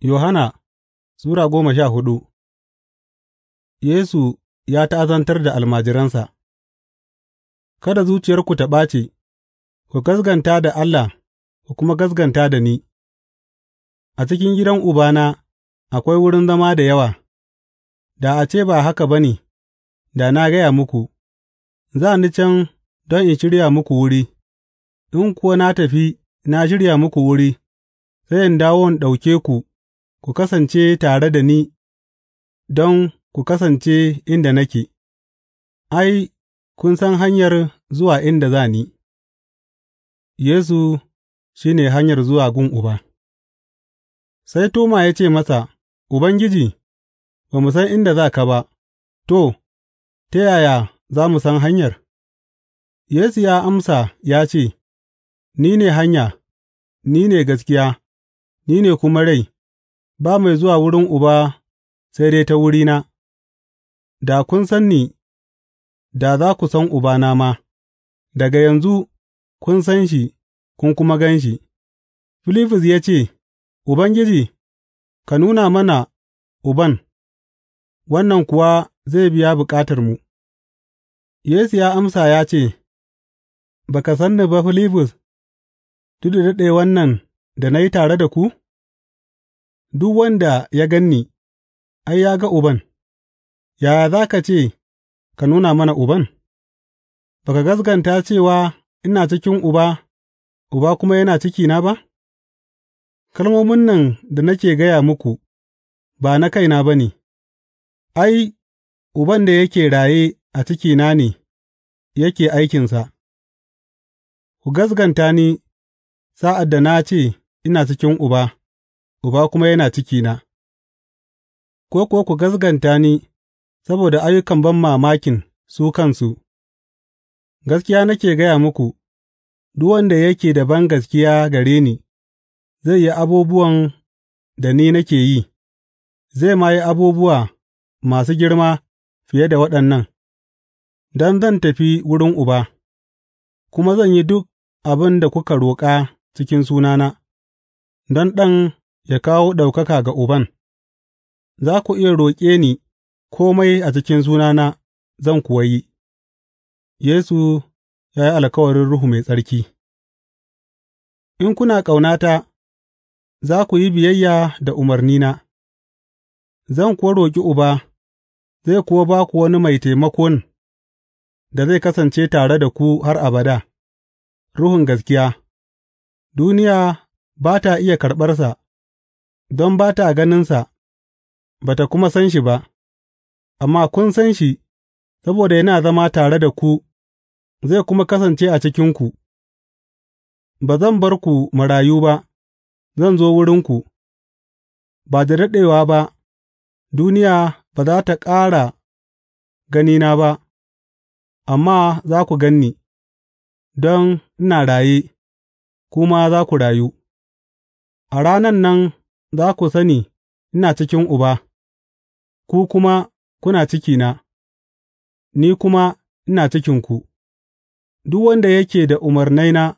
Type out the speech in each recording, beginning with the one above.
Yohana Sura goma sha hudu Yesu ya ta'azantar da almajiransa Kada zuciyarku ta ɓace, ku gasganta da Allah ku kuma gasganta da ni, a cikin gidan Ubana akwai wurin zama da yawa, da a ce ba haka ba ne, da na gaya muku, za ni can don in shirya muku wuri, in kuwa na tafi na shirya muku wuri, sai in dawo in ɗauke ku. ku kasance tare da ni don ku kasance inda nake, ai, kun san hanyar zuwa inda za ni, Yesu shi ne hanyar zuwa gun Uba. Sai Toma ya ce masa, Ubangiji, ba mu san inda za ka ba, to, ta yaya za mu san hanyar? Yesu ya amsa ya ce, Ni ne hanya, ni ne gaskiya, ni ne kuma rai. ba mai zuwa wurin Uba sai dai ta wurina, da kun san ni, da za ku san Ubana ma, daga yanzu kun san shi kun kuma gan shi. Filifus ya ce, Ubangiji, ka nuna mana Uban, wannan kuwa zai biya mu. Yesu ya amsa ya ce, Ba ka san ni ba Filifus, duk da daɗe wannan da na yi tare da ku? Duk wanda ya gan ni, ai, ya ga Uban, yaya za ka ce, Ka nuna mana Uban’? Ba ka gaskanta cewa ina cikin Uba, Uba kuma yana cikina ba? Kalmomin nan da nake gaya muku, ba na kaina ba ne, ai, Uban da yake raye a cikina ne yake aikinsa, ku gaskanta ni sa'ad da na ce ina cikin Uba. Uba kuma yana cikina, ko kuwa ku gaskanta ni saboda ayyukan ban mamakin su kansu, gaskiya nake gaya muku, duk wanda yake da ban gaskiya gare ni, zai yi abubuwan da ni nake yi, zai ma yi abubuwa masu girma fiye da waɗannan, don zan tafi wurin Uba, kuma zan yi duk abin da kuka roƙa cikin sunana, don Ɗan yă kawo ɗaukaka ga Uban, za ku iya roƙe ni kome a cikin sunana, zan kuwa yi. Yesu ya yi alkawarin Ruhu Mai Tsarki In kuna ƙaunata, za ku yi biyayya da umarnina, zan kuwa roƙi Uba, zai kuwa ba ku wani mai taimakon da zai kasance tare da ku har abada, Ruhun gaskiya, duniya ba ta iya karɓarsa, don ba ta ganinsa ba ta kuma san shi ba, amma kun san shi saboda yana zama tare da ku zai kuma kasance a cikinku, ba zan bar ku marayu ba, zan zo wurinku, ba da daɗewa ba, duniya ba za ta ƙara ganina ba, amma za ku ganni. don ina raye, Kuma za ku rayu. A ranan nan za ku sani ina cikin Uba, ku kuma kuna cikina, ni kuma ina cikinku, duk wanda yake da umarnaina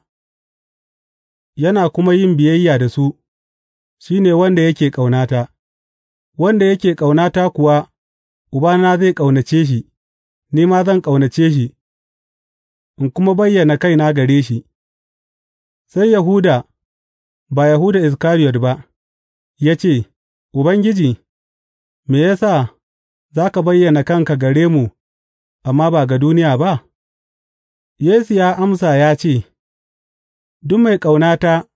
yana kuma yin biyayya da su, shi ne wanda yake ƙaunata, wanda yake ƙaunata kuwa Ubana zai ƙaunace shi, ni ma zan ƙaunace shi, in kuma bayyana kaina gare shi. Sai Yahuda, ba Yahuda Iskariyot ba. ya ce, Ubangiji, me ya sa za ka bayyana kanka gare mu amma ba ga duniya ba? Yesu ya amsa ya ce, Duk mai ƙaunata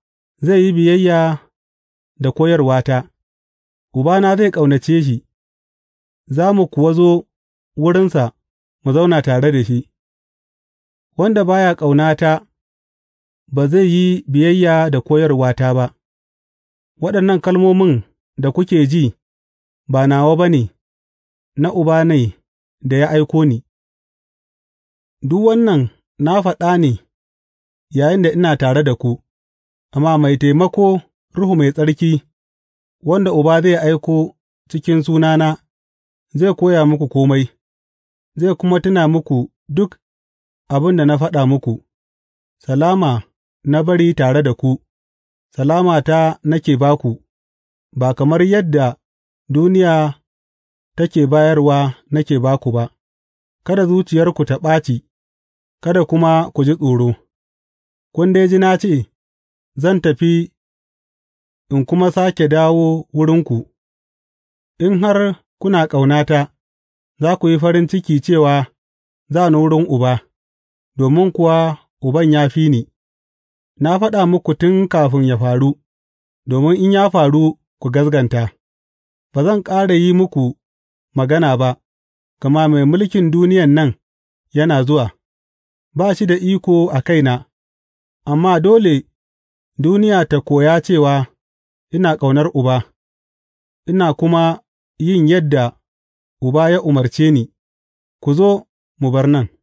zai yi biyayya da koyarwata, Ubana zai ƙaunace shi, za mu kuwa zo wurinsa mu zauna tare da shi, wanda baya ya ƙaunata ba zai yi biyayya da koyarwata ba. Waɗannan kalmomin da kuke ji ba nawa ba ne, na Uba ne da ya aiko ni, duk wannan na faɗa ne yayinda ina tare da ku, amma Mai Taimako, Ruhu Mai Tsarki, wanda Uba zai aiko cikin sunana, zai koya muku komai zai kuma tuna muku duk abin da na faɗa muku, salama na bari tare da ku. Salamata nake ba ku, ba kamar yadda duniya take bayarwa nake ba ku ba, kada zuciyarku ta ɓaci, kada kuma ku ji tsoro, kun dai ji na ce, Zan tafi in kuma sake dawo wurinku, in har kuna ƙaunata, za ku yi farin ciki cewa za ni wurin Uba, domin kuwa Uban ya fi ni. Na faɗa muku tun kafin ya faru, domin in ya faru ku gaskata, ba zan ƙara yi muku magana ba, gama mai mulkin duniyan nan yana zuwa, ba shi da iko a kaina, amma dole duniya ta koya cewa ina ƙaunar Uba, ina kuma yin yadda Uba ya umarce ni, ku zo mu bar nan.